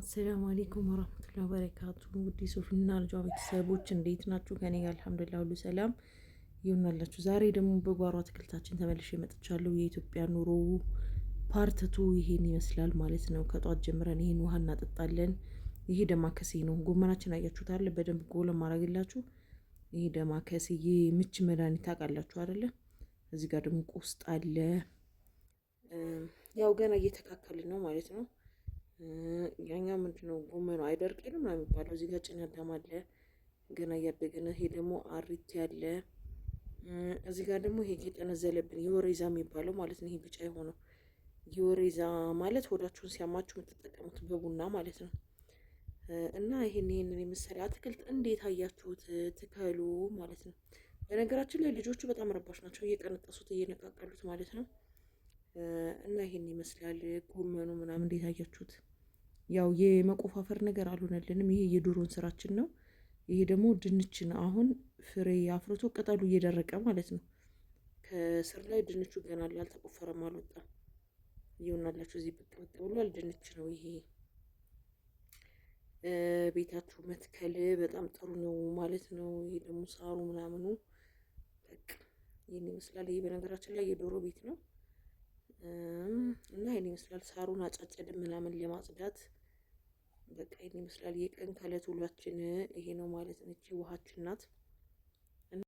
አሰላሙ አሌይኩም ወረህመቱላ በረካቱ ውድ ሶፊና ልጇ ቤተሰቦች እንዴት ናችሁ? ከኔ ጋር አልሐምዱሊላህ ሁሉ ሰላም ይሆናላችሁ። ዛሬ ደግሞ በጓሮ አትክልታችን ተመልሼ መጥቻለሁ። የኢትዮጵያ ኑሮ ፓርትቱ ይሄን ይመስላል ማለት ነው። ከጧት ጀምረን ይሄን ውሃ እናጠጣለን። ይሄ ደማከሴ ነው። ጎመናችን አያችሁታል በደንብ ጎለ ማድረግላችሁ። ይሄ ደማከሴ ምች መድኃኒት ታውቃላችሁ አይደለ? እዚህ ጋር ደግሞ ቆስጥ አለ። ያው ገና እየተካከልን ነው ማለት ነው። ያኛው ምንድነው ጎመኑ አይደርቅልም ነው የሚባለው። እዚህ ጋር ጭናዳም አለ ገና እያደገ ነው። ይሄ ደግሞ አሪቲ አለ። እዚህ ጋር ደግሞ ይሄ የጠነዘለብን የወሬዛ የሚባለው ማለት ነው። ይሄ ቢጫ የሆነው የወሬዛ ማለት ሆዳችሁን ሲያማችሁ የምትጠቀሙት በቡና ማለት ነው። እና ይሄን ይሄንን የመሰለ አትክልት እንዴት አያችሁት? ትከሉ ማለት ነው። በነገራችን ላይ ልጆቹ በጣም ረባሽ ናቸው። እየቀነጠሱት እየነቃቀሉት ማለት ነው። እና ይሄን ይመስላል ጎመኑ ምናምን እንዴት አያችሁት? ያው የመቆፋፈር ነገር አልሆነልንም። ይሄ የዶሮን ስራችን ነው። ይሄ ደግሞ ድንች ነው። አሁን ፍሬ አፍርቶ ቅጠሉ እየደረቀ ማለት ነው። ከስር ላይ ድንቹ ገና አልተቆፈረም፣ አልወጣም። ይሆናላችሁ እዚህ ብቅ ብቅ ብሏል። ድንች ነው ይሄ። ቤታችሁ መትከል በጣም ጥሩ ነው ማለት ነው። ይሄ ደግሞ ሳሩ ምናምኑ ይህን ይመስላል። ይሄ በነገራችን ላይ የዶሮ ቤት ነው። እና ይሄን ይመስላል። ሳሩን አጫጭድን ምናምን ለማጽዳት በቃ ይሄን ይመስላል። የቀን ከዕለት ውሏችን ይሄ ነው ማለት ነው። እቺ ውሃችን ናት።